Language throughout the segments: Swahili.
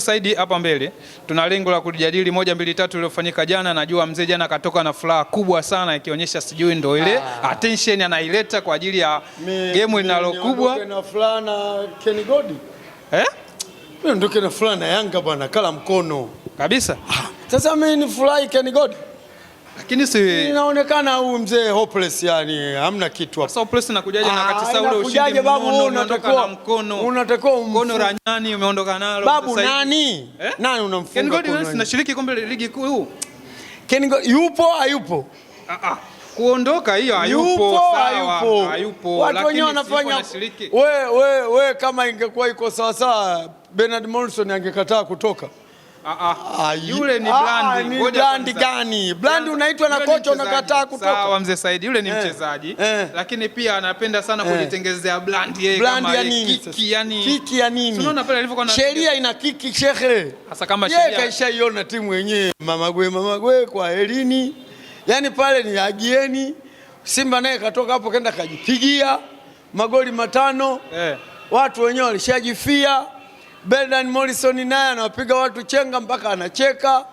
saidi hapa mbele tuna lengo la kujadili moja mbili tatu iliyofanyika jana. Najua mzee jana katoka na furaha kubwa sana, ikionyesha sijui ndo ile ah, attention anaileta kwa ajili ya game kubwa na furaha na Ken Godi eh, mimi na furaha na Yanga bwana, kala mkono kabisa. Ah, sasa mimi ni furahi Ken Godi lakini si inaonekana huyu mzee hopeless, yani hamna kitu hapo. Sasa hopeless inakujaje na kati sasa ule ah, ushindi babu, unatakiwa mkono unatakiwa mkono la nyani umeondoka nalo babu, nani eh? Nani unamfunga Ken God nashiriki kombe la ligi kuu Ken God yupo hayupo? Ah ah kuondoka hiyo hayupo, hayupo, hayupo. Watu wenyewe wanafanya wewe wewe, kama ingekuwa iko sawa sawa Bernard Morrison angekataa kutoka. Ah, ah. Ah, yule ni brandi. Ni brandi gani? Brandi unaitwa na kocha unakataa kutoka. Sawa mzee Said, yule ni eh, mchezaji eh, lakini pia anapenda sana eh, kujitengenezea brandi yeye kama kiki yani. Kiki ya nini? Unaona pale alivyokuwa na sheria ina kiki shehe. Sasa kama sheria. Yeye kaishaiona timu yenyewe mama gwe mama gwe kwa elini. Yaani pale ni agieni. Simba naye katoka hapo kaenda kajipigia magoli matano eh, watu wenyewe walishajifia Bernard Morrison naye anawapiga watu chenga mpaka anacheka.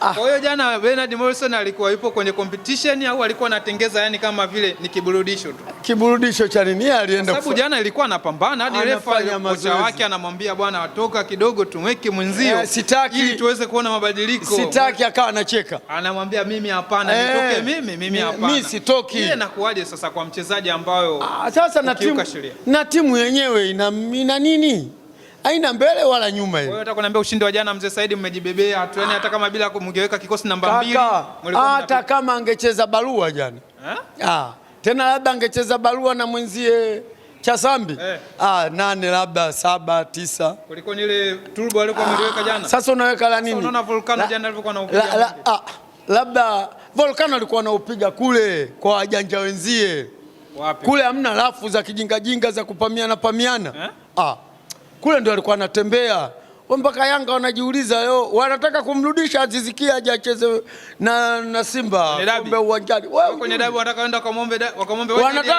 Ah. Kwa hiyo ah, jana Bernard Morrison alikuwa yupo kwenye competition au alikuwa anatengeza, yani kama vile ni kiburudisho tu. Kiburudisho cha nini? Alienda kwa sababu jana ilikuwa anapambana hadi refa kocha wake anamwambia bwana, watoka kidogo tumweke mwenzio eh, sitaki, ili tuweze kuona mabadiliko. Sitaki akawa anacheka. Anamwambia mimi hapana, eh, nitoke mimi, mimi hapana. Mimi sitoki. Yeye nakuaje sasa kwa mchezaji ambayo ah, sasa na timu na timu yenyewe ina, ina nini? haina mbele wala nyuma. Hiyo Wewe nataka kuniambia ushindi wa jana, mzee Saidi, mmejibebea tu, yani Hata kama bila kumgeweka kikosi namba mbili, hata kama angecheza barua jana eh? ah, tena labda angecheza barua na mwenzie cha sambi eh, ah, nane labda saba tisa kuliko ile turbo alikuwa ameweka ah, jana. Sasa unaweka la nini? Unaona volcano jana alikuwa anaupiga la, la, ah, labda volcano alikuwa anaupiga kule kwa wajanja wenzie wapi? Kule hamna rafu za kijingajinga za kupamiana pamiana eh? ah kule ndio alikuwa anatembea mpaka Yanga wanajiuliza yo, wanataka kumrudisha Aziz aje acheze na, na Simba kombe uwanjani. Wanataka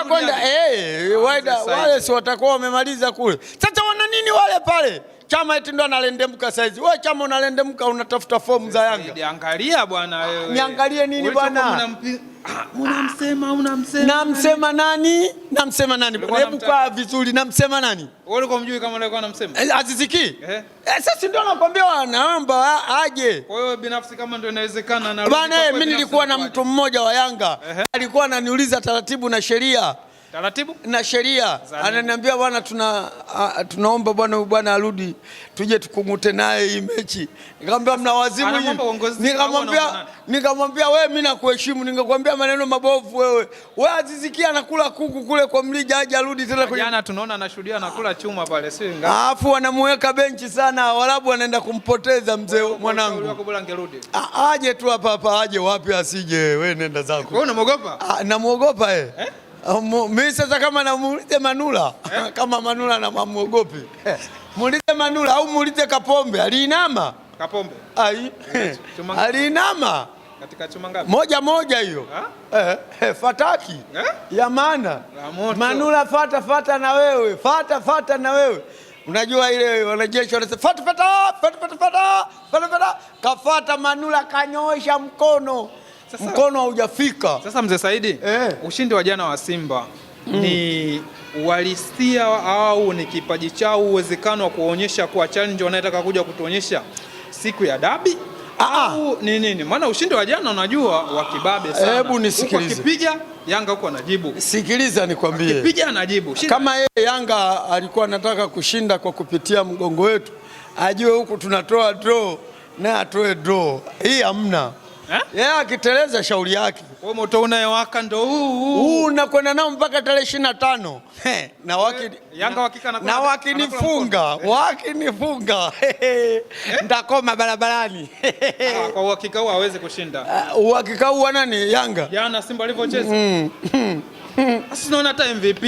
kwenda eh, ah, wale si watakuwa wamemaliza kule, sasa wana nini wale pale? Chama eti ndo analendemka saizi. Wewe chama unalendemka, unatafuta fomu za Yanga. Angalia bwana wewe. Niangalie nini bwana? Ah, unamsema unamsema. Namsema nani? Namsema nani? Hebu kaa vizuri, namsema nani? Wewe uko mjui kama nilikuwa namsema. Eh, Aziziki? Eh. eh sasa si ndio nakwambia naomba aje. Wewe binafsi kama ndio inawezekana na. Bwana eh, mimi nilikuwa na mtu mmoja wa Yanga. Alikuwa ananiuliza taratibu na sheria taratibu na sheria. Ananiambia bwana, tuna a, tunaomba bwana bwana arudi tuje tukungute naye hii mechi. Nikamwambia mna wazimu Nikamwambia nikamwambia wewe, mimi nakuheshimu, ningekwambia maneno mabovu wewe. Wewe azizikia anakula kuku kule kwa mlija, haja arudi tena kwa jana, tunaona anashuhudia anakula chuma pale, si ngapi? Alafu wanamuweka benchi sana, walabu wanaenda kumpoteza mzee mwanangu. Aje tu hapa hapa, aje wapi asije, wewe nenda zako. Wewe unamuogopa? Namuogopa eh mimi sasa kama namuulize Manula eh? Kama Manula na muulize Manula au muulize Kapombe aliinama. Kapombe. Ai. Eh, aliinama. Katika chuma ngapi? Moja moja hiyo eh, eh, fataki eh? ya maana Manula fata fata na wewe fata fata na wewe unajua ile wanajeshi wanasema fata fata fata fata fata kafata Manula kanyoosha mkono mkono haujafika. Sasa mzee Saidi eh, ushindi wa jana wa Simba mm, ni uhalisia au ni kipaji chao, uwezekano wa kuonyesha kuwa challenge wanayetaka kuja kutuonyesha siku ya dabi ah, ah. au ni nini? Maana ushindi wa jana unajua wa kibabe sana. Hebu nisikilize. Ukipiga Yanga huko anajibu. Sikiliza nikwambie. Ukipiga anajibu. Kama yeye Yanga alikuwa anataka kushinda kwa kupitia mgongo wetu, ajue huku tunatoa draw na atoe draw. Hii hamna. Eh? yeye akiteleza shauri yake. Moto unayowaka ndo huu huu. nakwenda nao mpaka tarehe ishirini na tano na wakinifunga wakinifunga ntakoma barabarani. Ah, kwa uhakika huu hawezi kushinda. Ah, uhakika huu nani? Yanga jana Simba alivyocheza. Hmm, hmm, hmm. Sasa naona hata MVP.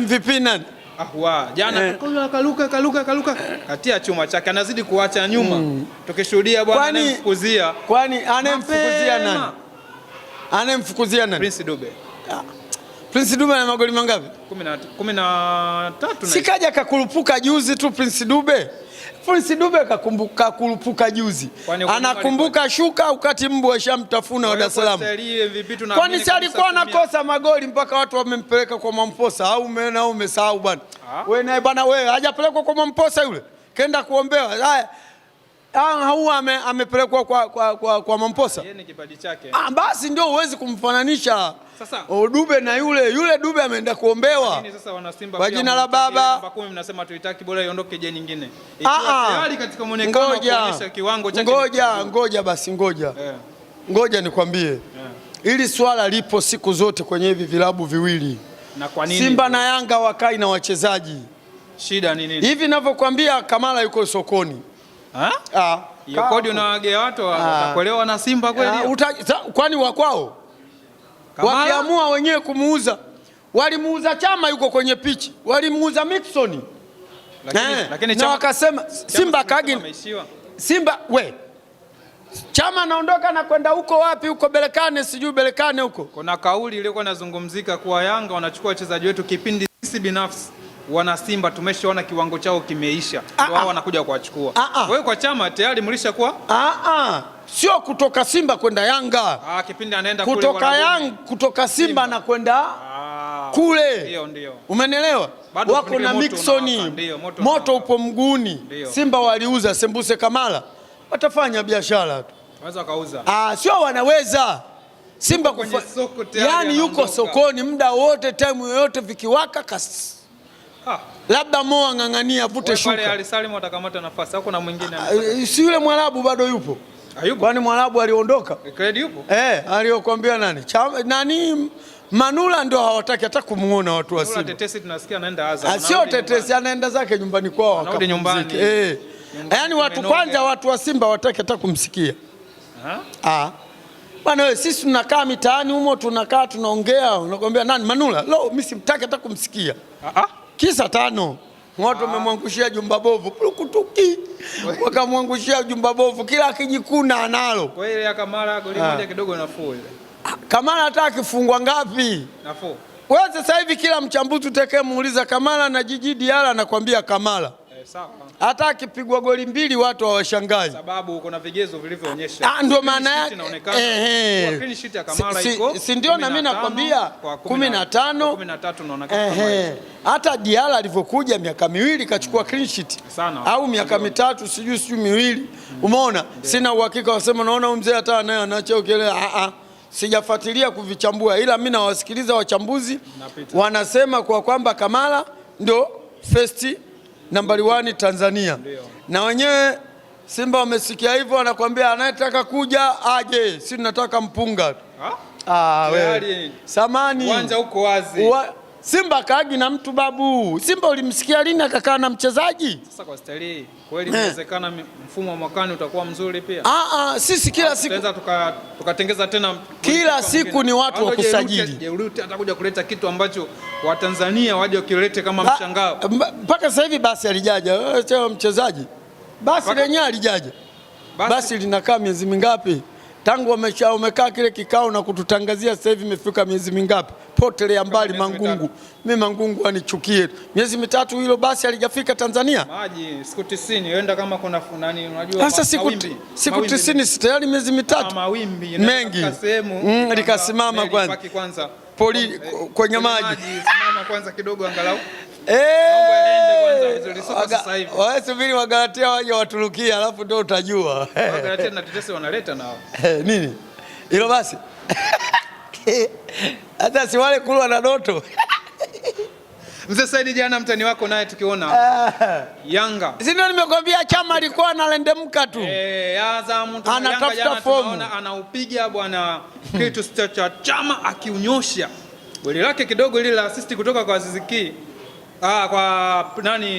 MVP nani? Ahwa jana eh, kaluka kaluka kaluka katia chuma chake anazidi kuacha nyuma mm. Tukishuhudia bwana anemfukuzia kwani anemfukuzia nani? Anemfukuzia nani? Prince Dube. Ah. Prince Dube ana magoli mangapi? 13 na sikaja kakurupuka juzi tu Prince Dube. Fulsi Dube kakurupuka juzi, anakumbuka shuka wakati mbwa ashamtafuna wa Dar es Salaam. Kwani si alikuwa anakosa magoli mpaka watu wamempeleka kwa Mwamposa? Au umesahau bwana ah. wewe? Naye bwana wewe hajapelekwa kwa Mwamposa, yule kenda kuombewa haya huyu ah, amepelekwa kwa, kwa, kwa, kwa Mamposa. Yeye ni kipaji chake. Ah, basi ndio uwezi kumfananisha sasa Dube na yule yule. Dube ameenda kuombewa sasa, wana Simba kwa jina la Baba. Mnasema tuitaki bora iondoke je nyingine. Ah, ah. Tayari katika muonekano kuonyesha kiwango chake. Ngoja ngoja basi ngoja yeah. Ngoja nikwambie yeah. Ili swala lipo siku zote kwenye hivi vilabu viwili na kwa nini? Simba na Yanga wakai na wachezaji, shida ni nini? Hivi ninavyokuambia Kamala yuko sokoni Ah, hiyo kodi unawagea watu ah. watakuelewa na Simba kweli? Ah, kwani wakwao wakiamua wenyewe kumuuza, walimuuza Chama yuko kwenye pichi, walimuuza Miquissone eh, na wakasema Simba kagi Simba we Chama naondoka na kwenda huko wapi? Huko Belekane, sijui Belekane huko. Kuna kauli iliyokuwa inazungumzika kuwa Yanga wanachukua wachezaji wetu kipindi sisi binafsi wana Simba tumeshaona kiwango chao kimeisha, ah, wao ah. wanakuja kuwachukua. Ah, Wewe kwa chama tayari mlishakuwa sio kutoka Simba kwenda Yanga. Aa, kipindi anaenda kutoka kule Yang, kutoka Simba, Simba na kwenda kule ndio, ndio. Umenelewa? Bado wako na Miksoni moto, moto upo mguuni. Simba waliuza Sembuse Kamala, watafanya biashara tu, sio wanaweza Simba kufa... soko, yani yuko sokoni muda wote time yoyote vikiwaka kasi labda Mo ang'ang'ania avute shuka. Ali Salim atakamata nafasi. Hakuna mwingine. Ah, eh, si yule Mwarabu bado yupo? Ayupo. Kwani Mwarabu aliondoka? Eh, Kredi yupo? Eh, aliyokuambia nani? Chama, nani Manula ndio hawataki hata kumuona watu wa Simba. Tetesi tunasikia anaenda Azam. Ah, sio tetesi, anaenda zake nyumbani kwao Anarudi nyumbani. Eh. Yaani watu kwanza, watu wa Simba hawataki hata kumsikia. Ah. Bwana wewe, sisi tunakaa mitaani humo, tunakaa tunaongea, unakwambia nani Manula? Lo, mimi simtaki hata kumsikia. Ah ah kisa tano watu wamemwangushia jumba bovu pukutuki, wakamwangushia jumba bovu, kila akijikuna analo. Kwa ya Kamara goli ah. kidogo hata akifungwa ngapi nafuu. sasa hivi kila mchambuzi utakee muuliza Kamara na Jiji Diara anakwambia Kamara. Eh, hata akipigwa goli mbili watu hawashangazi, sababu kuna vigezo vilivyoonyesha. Ah, ndio maana yake, si ndio? Na mimi nakwambia kumi na tano hata Diala alivyokuja miaka miwili kachukua clean sheet au miaka mitatu sijui sijui miwili, umeona. Sina uhakika wasema, naona huyu mzee hata naye anacho kile ah, ah. sijafuatilia kuvichambua, ila mi nawasikiliza wachambuzi wanasema kwa kwamba Kamara ndo first nambari wani Tanzania Ndiyo. na wenyewe Simba wamesikia hivyo, anakuambia anayetaka kuja aje, si tunataka mpunga. Ah, wewe. Samani. Uwanja uko wazi. Uwa... Simba kaagi na mtu babu. Simba ulimsikia lini akakaa na mchezaji? Sasa kwa staili kweli inawezekana mfumo wa mwakani utakuwa mzuri pia. Ah ah, sisi kila siku tunaweza tukatengeza tena kila siku ni watu wa kusajili. Jeruti atakuja kuleta kitu ambacho Watanzania waje wakilete kama ah, mshangao. Mpaka sasa hivi basi alijaja, eh, sio mchezaji. Basi lenyewe alijaja. Basi linakaa miezi mingapi? tangu wamekaa kile kikao na kututangazia, sasa hivi imefika miezi mingapi? Potelea mbali Mangungu, mimi Mangungu anichukie. Miezi mitatu hilo basi alijafika Tanzania. Maji siku 90 yenda kama kuna unajua sasa siku siku 90 tayari miezi mitatu ah, mawimbi mengi mm, likasimama kwanza poli eh, kwenye maji. Simama kwanza kidogo angalau. Eh, wewe subiri Wagalatia waje Waturukia, alafu ndio utajua eh. Wagalatia na tetesi wanaleta nao nini hilo basi. Hata si wale kulwa na doto Mzee Saidi, jana mtani wako naye tukiona eh. Yanga, si ndio? Nimekwambia chama alikuwa analendemka tu eh, Azam anatafuta fomu, anaupiga bwana kitu cha chama akiunyosha goli lake kidogo, ile la assist kutoka kwa Aziziki, ah, kwa nani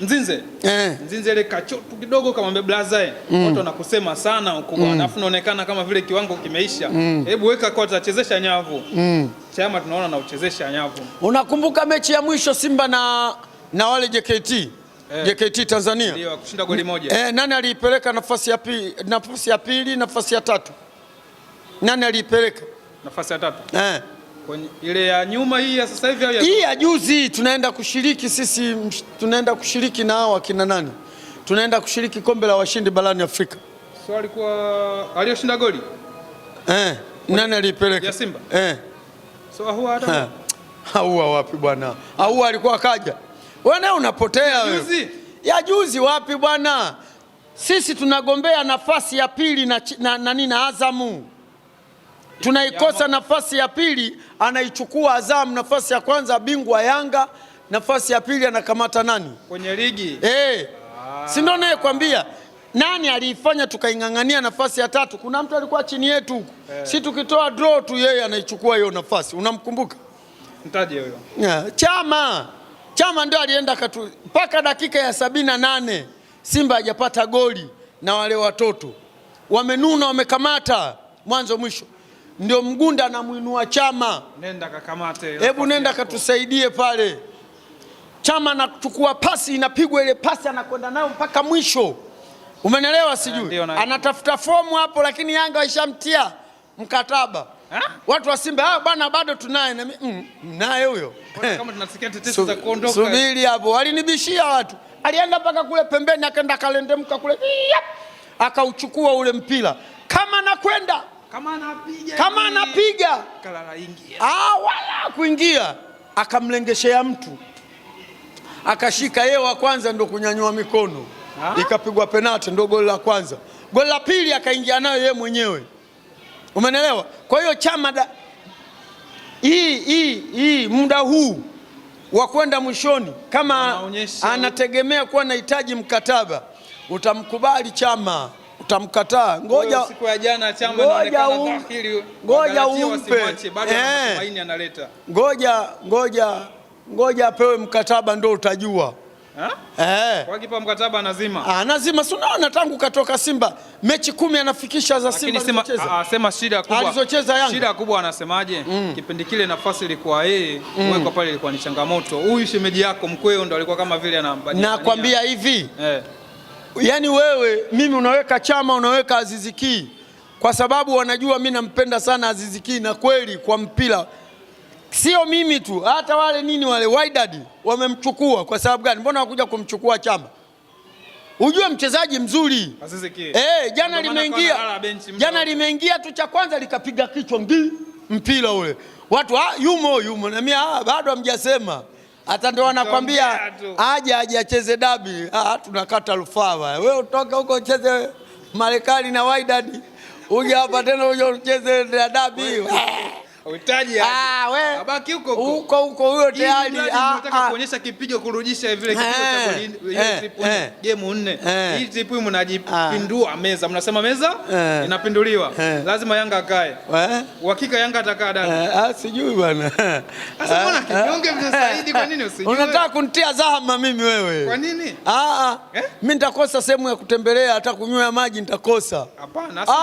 Nzinze. Eh. Nzinze ile kachotu kidogo mbe blaza eh. Mm. Watu wanakusema sana huko mm. Alafu inaonekana kama vile kiwango kimeisha. Mm. Hebu mm. weka kwa tutachezesha nyavu. Mm. Chama tunaona na uchezesha nyavu. Unakumbuka mechi ya mwisho Simba na na wale JKT? Eh. JKT Tanzania. Ndio kushinda goli moja. Eh, nani aliipeleka nafasi ya pili, nafasi ya pili, nafasi ya tatu? Nani aliipeleka? Nafasi ya tatu. Eh. Kwenye ile ya nyuma hii ya sasa hivi au ya hii ya juzi tunaenda kushiriki sisi, tunaenda kushiriki na hawa kina nani? Tunaenda kushiriki kombe la washindi barani Afrika. So alikuwa aliyoshinda goli eh, nani alipeleka? Ya Simba eh. So huwa hata huwa wapi bwana? Huwa alikuwa akaja. Wewe naye unapotea wewe. Juzi ya juzi wapi bwana? Sisi tunagombea nafasi ya pili na na, na, na, na Azamu Tunaikosa nafasi ya pili, anaichukua Azam nafasi ya kwanza, bingwa Yanga nafasi ya pili anakamata nani kwenye ligi eh? Ah, si ndio naye kwambia nani aliifanya tukaing'ang'ania nafasi ya tatu? Kuna mtu alikuwa chini yetu huko eh. Si tukitoa draw tu yeye anaichukua hiyo nafasi, unamkumbuka? Mtaje huyo yeah. Chama Chama ndio alienda katu mpaka dakika ya sabini na nane Simba hajapata goli na wale watoto wamenuna, wamekamata mwanzo mwisho ndio Mgunda anamwinua Chama. Nenda kakamate, hebu nenda katusaidie pale. Chama anachukua pasi, inapigwa ile pasi, anakwenda nayo mpaka mwisho. Umenelewa? Eh, Sijui anatafuta fomu hapo, lakini Yanga waishamtia mkataba ha? Eh? Watu wa Simba ah, bwana, bado tunaye mm, naye huyo. Eh. Subiri hapo, walinibishia watu, alienda mpaka kule pembeni, akaenda kalendemka kule, akauchukua ule mpira kama nakwenda kama anapiga, ah, wala kuingia, akamlengeshea mtu akashika, yeye wa kwanza ndo kunyanyua mikono Ikapigwa penati ndo goli la kwanza. Goli la pili akaingia nayo yeye mwenyewe, umenelewa? Kwa hiyo chama da... hii hii hii muda huu wa kwenda mwishoni, kama anategemea kuwa anahitaji mkataba, utamkubali chama utamkataa. Ngoja siku ya jana chama inaonekana dhahiri, ngoja umpe bado maini eh. analeta, ngoja ngoja ngoja apewe mkataba ndio utajua. Eh. Kwa kipa mkataba anazima. Ah, anazima. Si unaona tangu katoka Simba mechi kumi anafikisha za Simba sema, a, ah, ah, sema shida kubwa. Alizocheza Yanga. Shida kubwa anasemaje? Mm. Kipindi kile nafasi ilikuwa yeye, mm. Kwa pale ilikuwa ni changamoto. Huyu shemeji yako mkweo ndo alikuwa kama vile anambania. Nakwambia hivi. Eh yani wewe mimi unaweka Chama unaweka Aziziki kwa sababu wanajua mi nampenda sana Aziziki na kweli kwa mpira sio mimi tu, hata wale nini wale Wydad wamemchukua kwa sababu gani? Mbona wakuja kumchukua Chama? Ujue mchezaji mzuri Azizi Eh, jana limeingia jana limeingia tu cha kwanza likapiga kichwa ngii mpira ule watu ah, yumo yumo, ah, bado hamjasema hata ndo wanakwambia aje aje acheze dabi. Ah, tunakata rufaa wewe, utoke huko ucheze Marekani na Wydad uje hapa tena uje ucheze dabi. Uhitaji ah, we. Abaki huko huko. Huko huyo tayari. Ah, nataka ah. kuonyesha kipigo kurudisha vile kipigo cha eh, ile eh, trip eh. game nne. Hii trip mnajipindua ah. meza. Mnasema meza inapinduliwa. Lazima Yanga akae. Uhakika Yanga atakaa dada. Ah, sijui bwana. Sasa mbona kinyonge mnasaidi kwa nini usijui? Unataka kunitia zahama mimi wewe. Kwa nini? Ah, mimi nitakosa sehemu ya kutembelea hata kunywa maji nitakosa. Hapana, sasa.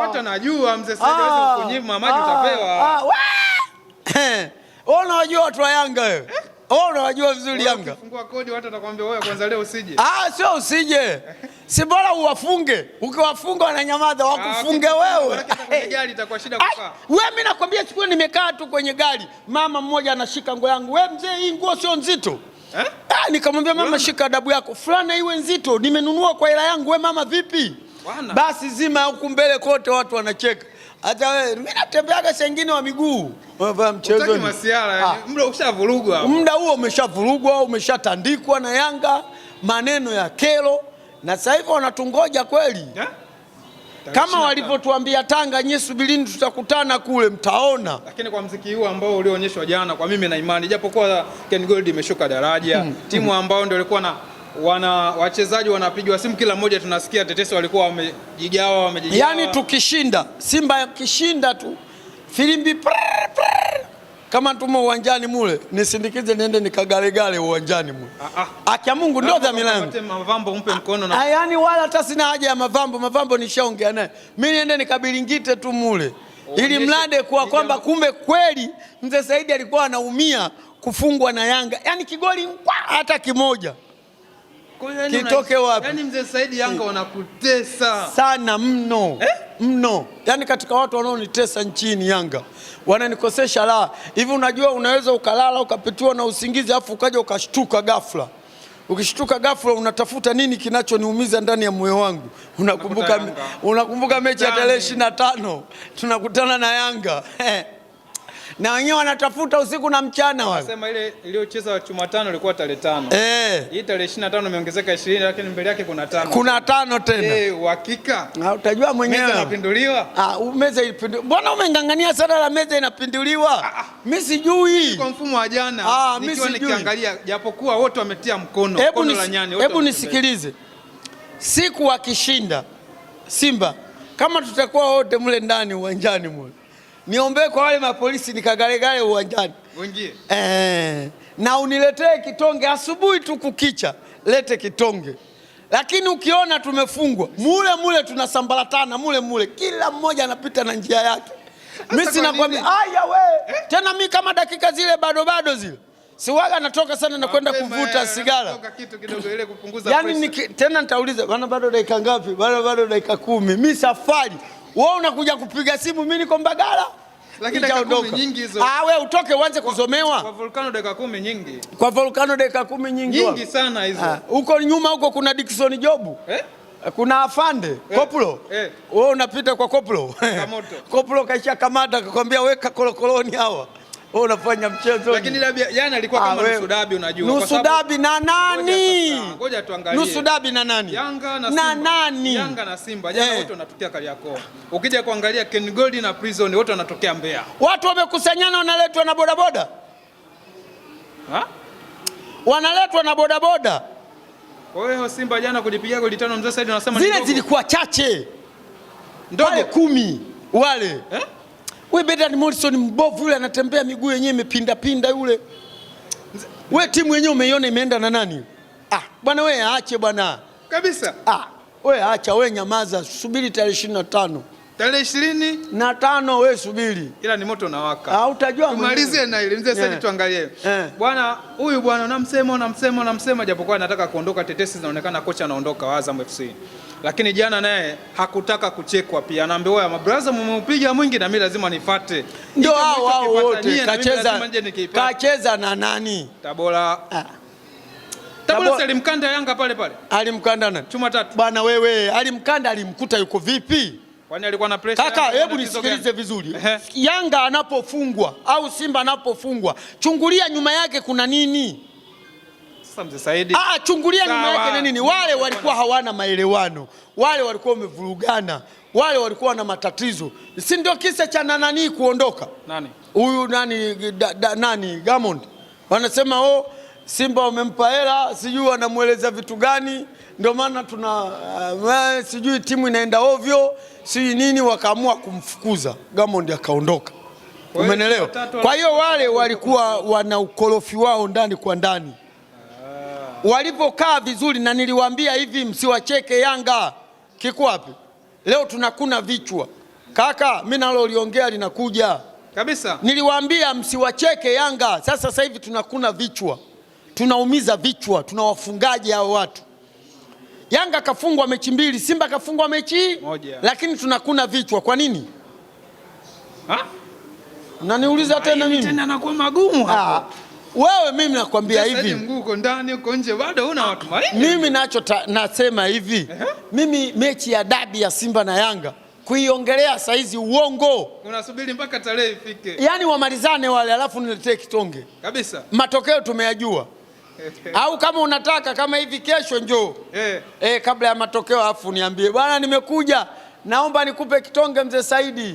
Watu najua mzee Saidi hawezi kunyima maji utapewa. Ah, unajua watu wa Yanga wewe hmm? vizuri Yanga. Ukifungua kodi watu watakwambia wewe kwanza leo usije. Ah, sio usije. Si bora uwafunge. Ukiwafunga wananyamaza, ah, wakufunge wewe. Wewe mimi nakwambia siku nimekaa tu kwenye gari, mama mmoja anashika nguo yangu. Wewe mzee, hii nguo sio nzito. Eh? Ah, nikamwambia mama, shika adabu yako. Fulana iwe nzito, nimenunua kwa hela yangu. Wewe mama, vipi? Bwana. Basi zima huku mbele kote watu wanacheka. Hata wewe mimi natembeaga sengine wa miguu. Unavaa mchezo ni masiara. Ah. Yaani muda ushavurugwa hapo. Muda huo umeshavurugwa, umeshatandikwa na Yanga maneno ya kero na sasa hivi wanatungoja kweli ha? Eh? Kama walivyotuambia Tanga, nyie subirini, tutakutana kule, mtaona. Lakini kwa mziki huu ambao ulioonyeshwa jana, kwa mimi na imani, japokuwa Ken Gold imeshuka daraja, hmm. timu hmm. ambayo ndio ilikuwa na wana wachezaji wanapigwa simu, kila mmoja tunasikia tetesi, walikuwa wamejigawa, wamejigawa. Yani tukishinda Simba yakishinda tu filimbi kama tumo uwanjani mule, nisindikize niende nikagalegale uwanjani mule. Akia ah, ah. Mungu ndio dhamira yangu. Ah, yani, wala hata sina haja ya mavambo, mavambo nishaongea naye. Mimi niende nikabilingite tu mule, oh, ili mlade kuwa kwamba kumbe kweli mzee Saidi alikuwa anaumia kufungwa na Yanga, yani kigoli hata kimoja Yaani kitoke wapi? Yani mzee Saidi, Yanga wanakutesa sana mno eh? mno yani, katika watu wanaonitesa nchini Yanga wananikosesha la Hivi unajua unaweza ukalala ukapitiwa na usingizi afu ukaja ukashtuka ghafla ukishtuka ghafla unatafuta nini kinachoniumiza ndani ya moyo wangu. Unakumbuka, unakumbuka mechi ya tarehe ishirini na tano tunakutana na Yanga na wenyewe wanatafuta usiku na mchana wao. Anasema ile iliyocheza Jumatano ilikuwa tarehe tano. Eh. Hii tarehe 25 imeongezeka 20 lakini mbele yake kuna tano. Kuna tano tena. Eh, uhakika. Na utajua mwenyewe. Meza inapinduliwa? Ah, meza inapinduliwa. Mbona umengangania sana la meza inapinduliwa. Ah, mimi ah. sijui. Kwa mfumo wa jana. Ah, mimi sijui. Nikiwa Nikiangalia japokuwa wote wametia mkono. Mkono la nyani wote. Hebu nisikilize. Siku wakishinda Simba kama tutakuwa wote mle ndani uwanjani mwe niombee kwa wale mapolisi nikagalegale uwanjani eh, na uniletee kitonge asubuhi tu kukicha, lete kitonge. Lakini ukiona tumefungwa mule mule, tunasambaratana mule mule, kila mmoja anapita na njia yake. Mimi sinakwambia aya we eh? Tena mi kama dakika zile bado bado zile siwaga natoka sana na kwenda kuvuta sigara yani, tena nitauliza bana, bado dakika ngapi? Bana, bado dakika kumi. Mi safari, wewe unakuja kupiga simu, mi niko Mbagala. Lakini dakika kumi nyingi hizo. Ah, wewe utoke uanze kuzomewa. Kwa volcano dakika kumi nyingi. Kwa volcano dakika kumi nyingi. Nyingi sana hizo. Ah, huko nyuma huko kuna Dickson Jobu. Eh? eh kuna afande eh, koplo eh. unapita kwa koplo. Koplo kaisha kamata kakwambia weka kolokoloni hawa wewe unafanya mchezo. Lakini labda jana ilikuwa ah, kama nusu dabi unajua. Nusu dabi na nani? Ngoja tuangalie. Nusu dabi na nani? Yanga na Simba. Na nani? Yanga na Simba. Jana eh. wote wanatokea Kariakoo. Ukija kuangalia Ken Gold na Prison wote wanatokea Mbeya. Watu wamekusanyana wanaletwa na bodaboda. Ha? Wanaletwa na bodaboda. Kwa hiyo Simba jana kulipigia goli tano mzee Said anasema zile zilikuwa chache. Ndogo kumi wale. Eh? We Bedard Morrison mbovu yule, anatembea miguu yenyewe imepindapinda yule. We timu yenyewe umeiona imeenda na nani? Ah, bwana we aache bwana kabisa. Ah, we acha, we nyamaza, subiri tarehe ishirini na tano tarehe ishirini na tano we subiri, ila ni moto unawaka. Ah, utajua tumalizie na ile mzee sasa, eh. tuangalie eh. bwana huyu bwana, unamsema unamsema unamsema, japokuwa anataka kuondoka, tetesi zinaonekana kocha anaondoka Azam FC lakini jana naye hakutaka kuchekwa pia, wewe mabraza, mmeupiga mwingi na mimi lazima nifate. Ndio hao hao wote kacheza, kacheza na nani? Tabora ah. Tabora alimkanda Yanga pale pale, alimkanda nani? Chuma tatu bwana wewe, alimkanda alimkuta yuko vipi? Kwani alikuwa na pressure kaka? Hebu nisikilize vizuri. Yanga anapofungwa au Simba anapofungwa, chungulia nyuma yake kuna nini? Sasa mzee Saidi, ah, chungulia nyuma yake ni Wale walikuwa hawana maelewano, wale walikuwa wamevurugana, wale walikuwa na matatizo, si ndio? Kisa cha nanani kuondoka nani huyu nani da, da, nani Gamond wanasema oh, Simba wamempa hela, sijui wanamweleza vitu gani, ndio maana tuna uh, sijui timu inaenda ovyo, sijui nini, wakaamua kumfukuza Gamond akaondoka. Umenelewa? Kwa hiyo wale walikuwa wana ukorofi wao ndani kwa ndani walivyokaa vizuri, na niliwaambia hivi, msiwacheke Yanga. Kiko wapi leo? Tunakuna vichwa kaka, mimi naloliongea linakuja kabisa. Niliwaambia msiwacheke Yanga. Sasa sasa hivi tunakuna vichwa, tunaumiza vichwa, tunawafungaje hao watu? Yanga kafungwa mechi mbili, Simba kafungwa mechi moja, lakini tunakuna vichwa kwa nini? Naniuliza tena mimi tena, nakuwa magumu hapo. Ah. Wewe mimi nakwambia hivi. Mguu ndani, uko nje bado matumaini. Mimi nacho nasema hivi. Uh -huh. Mimi mechi ya dabi ya Simba na Yanga kuiongelea saizi uongo. Unasubiri mpaka tarehe ifike. Yaani wamalizane wale alafu niletee kitonge. Kabisa. Matokeo tumeyajua. Au kama unataka kama hivi kesho njoo. Eh. Eh, kabla ya matokeo alafu niambie bwana, nimekuja naomba nikupe kitonge mzee Saidi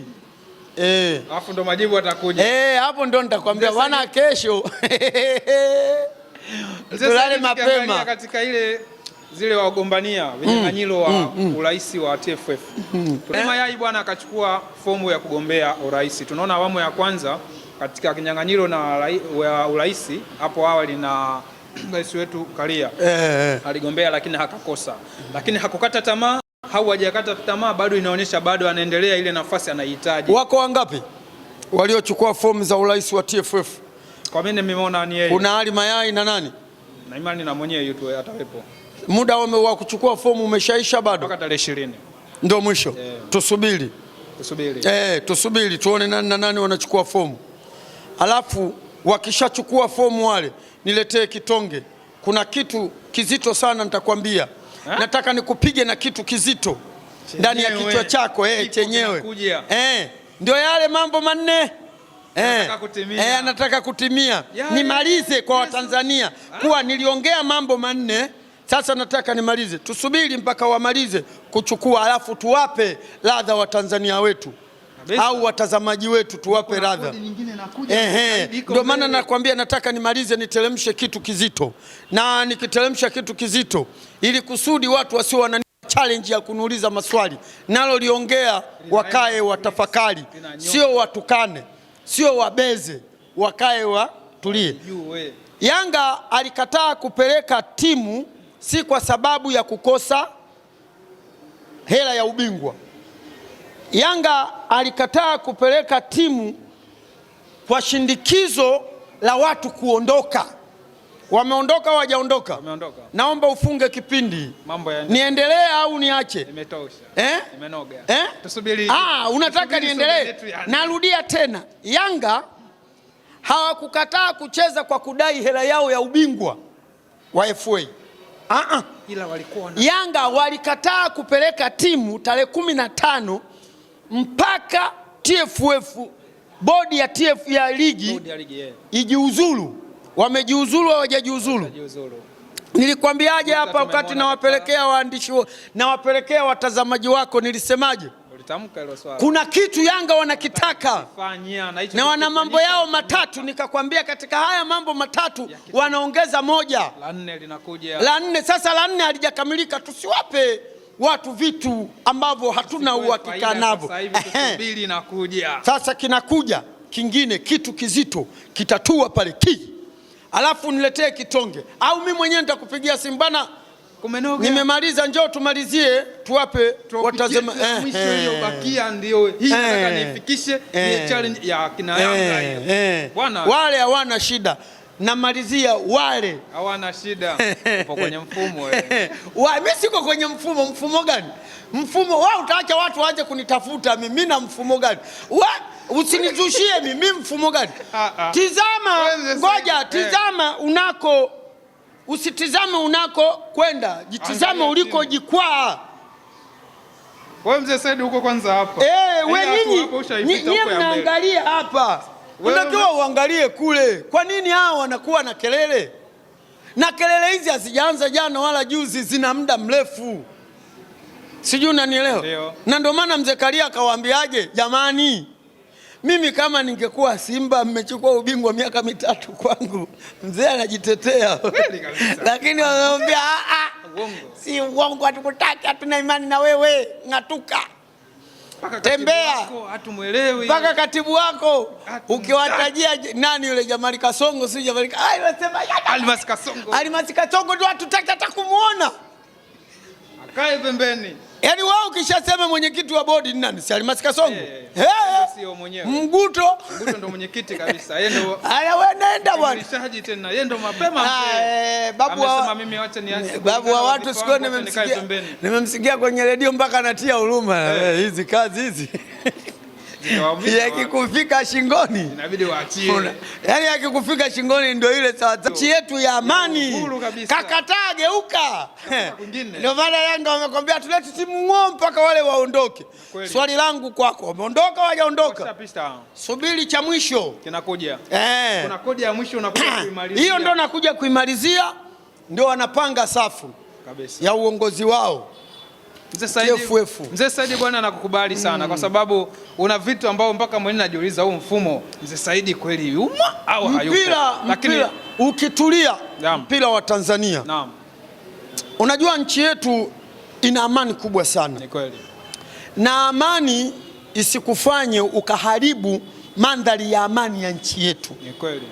eh, alafu ndo majibu atakuja eh, hapo ndo nitakwambia bwana, kesho tulale mapema katika ile zile wagombania vinyang'anyiro mm, wa mm, mm. urais wa TFF mm. Tulimayai eh. bwana akachukua fomu ya kugombea urais. Tunaona awamu ya kwanza katika kinyang'anyiro na urais hapo awali na rais wetu Karia eh, eh. aligombea lakini hakakosa, lakini hakukata tamaa hawajakata tamaa, bado inaonyesha bado anaendelea ile nafasi anahitaji. Wako wangapi waliochukua fomu za urais wa TFF? Kwa mimi nimeona ni yeye. Kuna Ali Mayai na nani? Na imani na mwenyewe yutu atawepo. Muda wa kuchukua fomu umeshaisha bado? Mpaka tarehe 20. Ndio mwisho. Yeah. Tusubiri. Tusubiri. Eh, tusubiri tuone nani na nani wanachukua fomu. Alafu wakishachukua fomu wale niletee kitonge. Kuna kitu kizito sana nitakwambia ha? Eh? Nataka nikupige na kitu kizito ndani ya kichwa chako eh, chenyewe eh, ndio yale mambo manne eh, eh, anataka kutimia ya, yaani, nimalize kwa yes, Watanzania ah? kuwa niliongea mambo manne. Sasa nataka nimalize, tusubiri mpaka wamalize kuchukua, alafu tuwape ladha Watanzania wetu au watazamaji wetu tuwape radha. Ehe, ndio maana nakwambia nataka nimalize niteremshe kitu kizito, na nikiteremsha kitu kizito ili kusudi watu wasio wana challenge ya kuniuliza maswali, nalo liongea wakae watafakari, sio watukane, sio wabeze, wakae watulie. Yanga alikataa kupeleka timu si kwa sababu ya kukosa hela ya ubingwa. Yanga alikataa kupeleka timu kwa shindikizo la watu kuondoka. Wameondoka wajaondoka? Naomba ufunge kipindi. Mambo niendelee au niache? Imetosha. Eh? Imenoga. Eh? Tusubiri. Ah, unataka niendelee? Narudia tena, Yanga hawakukataa kucheza kwa kudai hela yao ya ubingwa wa FA. Ah ah. Ila walikuwa na Yanga walikataa kupeleka timu tarehe kumi na tano mpaka TFF bodi ya TF ya ligi ijiuzuru. Wamejiuzuru au hawajajiuzulu? Nilikwambiaje hapa wakati nawapelekea waandishi nawapelekea watazamaji wako, nilisemaje? Kuna kitu Yanga wanakitaka na wana mambo yao matatu, nikakwambia katika haya mambo matatu wanaongeza moja, la nne linakuja, la nne sasa, la nne halijakamilika, tusiwape watu vitu ambavyo hatuna uhakika navyo. Sasa kinakuja kingine, kitu kizito kitatua pale ki, alafu niletee kitonge, au mi mwenyewe nitakupigia simu bana, nimemaliza njoo tumalizie, tuwape watazama wale, hawana shida namalizia wale hawana shida kwenye mfumo eh. Mimi siko kwenye mfumo. Mfumo gani? Mfumo wao utaacha watu waje kunitafuta mimi na mfumo gani? Usinizushie mimi mfumo gani? Ah, ah. Tizama, ngoja eh. tizama unako, usitizame unako kwenda, jitizame jikwaa. Wewe mzee Said, uko kwanza hapa eh, wewe yaani nini? mnaangalia hapa Unatakiwa uangalie kule, kwa nini hao wanakuwa na kelele? Na kelele hizi hazijaanza jana wala juzi, zina muda mrefu, sijui unanielewa. Na ndio maana mzee Kalia akawaambiaje, jamani, mimi kama ningekuwa Simba mmechukua ubingwa miaka mitatu kwangu, mzee anajitetea lakini wamemwambia ah, ah, si uongo, hatukutaki, hatuna imani na wewe, ng'atuka tembea mpaka katibu wako ukiwatajia nani yule Jamali Kasongo, si Jamali ah, Kasongo, Almasi Kasongo ndio hatutaki hata kumwona. Kae pembeni. Yaani wao ukishasema mwenyekiti wa bodi ni nani? Si Almas Kasongo. Eh, eh, eh, sio mwenyewe. Mguto. Mguto ndo mwenyekiti kabisa. Yeye ndo. Haya wewe nenda bwana. Mlishaji tena. Yeye ndo mapema ah, mzee. Babu wa Amesema mimi acha niache. Babu wa watu sikuwa nimemsikia. Nimemsikia kwenye redio mpaka anatia huruma hizi hey, kazi hizi yakikufika yaani shingoni una, yani yakikufika shingoni ndio ile sawa. Nchi yetu ya amani, kakataa geuka. Ndio maana Yanga wamekwambia tulete timu ng'oo mpaka wale waondoke. Swali langu kwako, wameondoka wajaondoka? Subiri cha mwisho kinakuja, eh. hiyo ndio nakuja kuimalizia, ndio wanapanga safu kabisa ya uongozi wao. Mzee Saidi, Mzee Saidi bwana nakukubali sana mm, kwa sababu una vitu ambao mpaka mwenyewe najiuliza huu mfumo Mzee Saidi kweli yuma au hayupo. Lakini ukitulia Naam. mpira wa Tanzania Naam. unajua nchi yetu ina amani kubwa sana. Ni kweli. Na amani isikufanye ukaharibu mandhari ya amani ya nchi yetu. Ni kweli.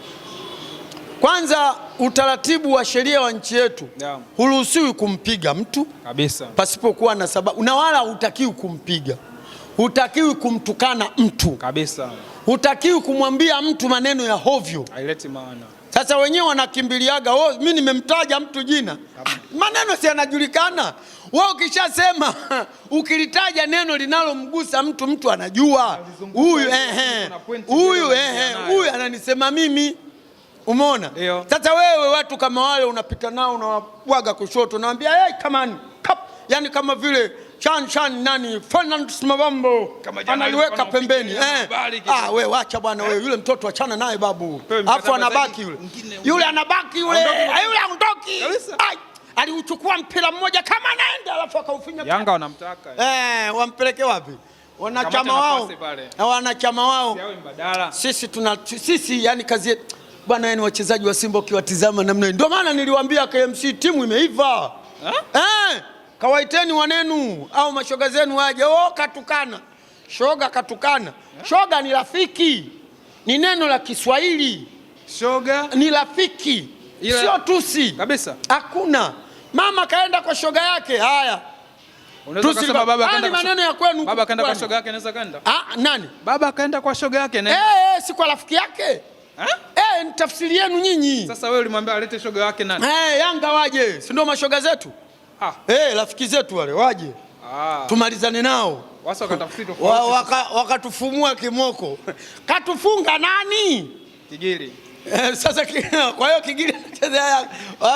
Kwanza utaratibu wa sheria wa nchi yetu yeah, huruhusiwi kumpiga mtu kabisa pasipokuwa na sababu, na wala hutakiwi kumpiga, hutakiwi kumtukana mtu kabisa, hutakiwi kumwambia mtu maneno ya hovyo. Haileti maana. Sasa wenyewe wanakimbiliaga wao, oh, mimi nimemtaja mtu jina, maneno si yanajulikana. Wewe ukishasema ukilitaja neno linalomgusa mtu, mtu anajua huyu, ehe, huyu, ehe, huyu ananisema mimi Umeona? Sasa wewe watu kama wale unapita nao unawabwaga kushoto, naambia hey, kap. Yani kama vile chan chan nani Fernandes Mavambo analiweka pembeni eh. Ah, we wacha bwana wewe, yule mtoto achana naye babu, afu anabaki yule yule, anabaki yule eh, yule, aondoki aliuchukua mpira mmoja kama anaenda alafu akaufinya. Yanga wanamtaka eh, wampeleke wapi? Wanachama wao, wanachama wao, sisi tuna sisi, yani kazi yetu bwana, yani wachezaji wa Simba ukiwatizama namna ndio maana niliwaambia KMC timu imeiva eh, kawaiteni wanenu au mashoga zenu waje. Oh, katukana shoga, katukana shoga ni rafiki, ni neno la Kiswahili. Shoga ni rafiki, sio tusi kabisa, hakuna mama kaenda kwa shoga yake. Haya, maneno ya kwenu. Baba kaenda ah, kwa shoga yake, anaweza kaenda ah, nani? Baba kaenda kwa shoga yake, eh, si kwa rafiki yake. Eh, tafsiri yenu nyinyi. Sasa wewe ulimwambia alete shoga wake nani? Eh, Yanga waje, si ndio mashoga zetu ah. Eh, rafiki zetu wale waje ah. Tumalizane nao wakatufumua waka kimoko katufunga nani? Kigiri. Eh, sasa kwa hiyo Kigiri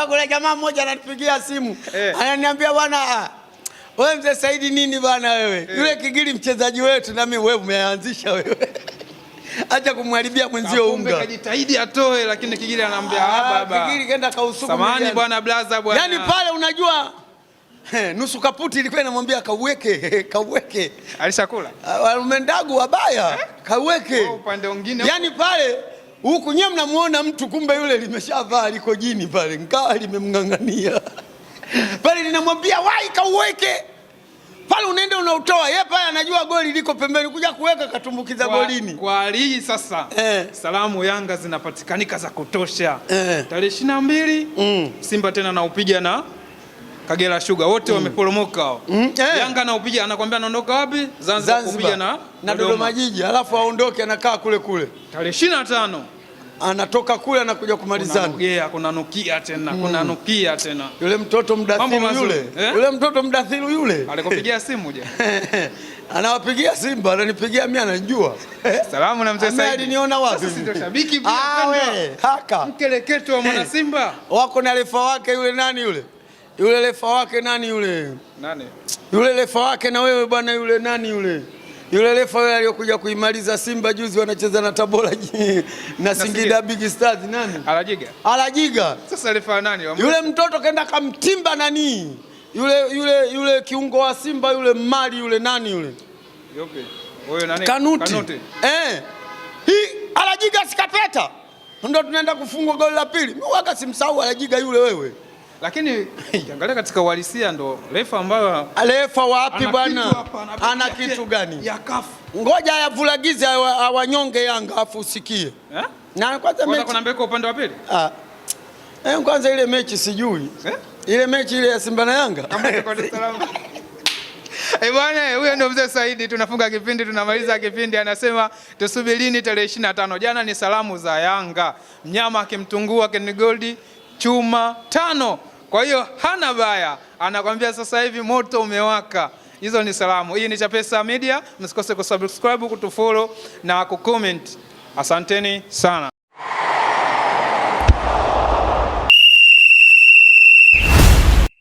kuna jamaa mmoja ananipigia simu eh, ananiambia bwana wewe mzee Saidi nini bwana wewe eh, yule Kigiri mchezaji wetu, mimi wewe umeanzisha wewe acha kumharibia mwenzio unga. Kajitahidi atoe, lakini Kigiri anamwambia ah, baba. Kigiri kaenda kausuku. Samani bwana blaza bwana. Yaani pale unajua nusu kaputi ilikuwa inamwambia kauweke, kauweke. Alishakula. Ah, Wamendagu wabaya, eh? kauweke. Kwa upande mwingine. Yaani pale huku nyewe mnamuona mtu kumbe yule limeshavaa liko jini pale, ngawa limemng'ang'ania. Pale linamwambia wai kauweke pale unaenda unautoa, yeye pale anajua goli liko pembeni, kuja kuweka katumbukiza golini. Kwa hali sasa eh, salamu Yanga zinapatikanika za kutosha eh. Tarehe ishirini na mbili mm. Simba tena naupiga na Kagera Sugar wote mm. wameporomoka hao mm, eh. Yanga anaupiga anakwambia anaondoka wapi? Zanzibar kupiga na na Dodoma Jiji, alafu aondoke anakaa kule kule tarehe 25 anatoka kule anakuja kumalizana. Kuna, kuna nukia tena, mm. Kuna nukia tena. Yule mtoto mdathiru yule. Eh? Yule mtoto mdathiru yule. alikupigia simu je? Anawapigia Simba, ananipigia mimi ananijua. Salamu na mzee Saidi. Aliniona wapi? Sisi ndio shabiki pia ah, haka. Mkeleketo wa mwana Simba. Wako na refa wake yule nani yule? Yule refa wake nani yule? Nani? Yule refa wake na wewe bwana yule nani yule? Yule refa yule aliyokuja kuimaliza Simba juzi wanacheza na Tabora na Singida Big Stars nani? Alajiga. Alajiga. Sasa refa nani? Yule mtoto kaenda kamtimba nani? Yule yule yule kiungo wa Simba yule mali yule nani yule? Yope. Huyo nani? Kanuti. Kanuti. Eh. Hii Alajiga sikapeta. Ndio tunaenda kufungwa goli la pili. Mimi waka simsahau Alajiga yule wewe. Lakini ukiangalia katika uhalisia ndo refa ambayo ah, refa wapi bwana, ana kitu gani ya kafu? Ngoja ayavulagize awanyonge Yanga afu usikie eh? Na kwanza mechi kuna mbeko upande wa pili ah, eh, kwanza ile mechi sijui eh? ile mechi ile ya Simba na Yanga Eh, bwana huyo ndio mzee Saidi. Tunafunga kipindi, tunamaliza kipindi. Anasema tusubirini tarehe 25. Jana ni salamu za Yanga, mnyama akimtungua Ken Gold chuma tano. Kwa hiyo hana baya, anakwambia sasa hivi moto umewaka. Hizo ni salamu. Hii ni Chapesa Media, msikose kusubscribe, kutufollow na kucomment. Asanteni sana.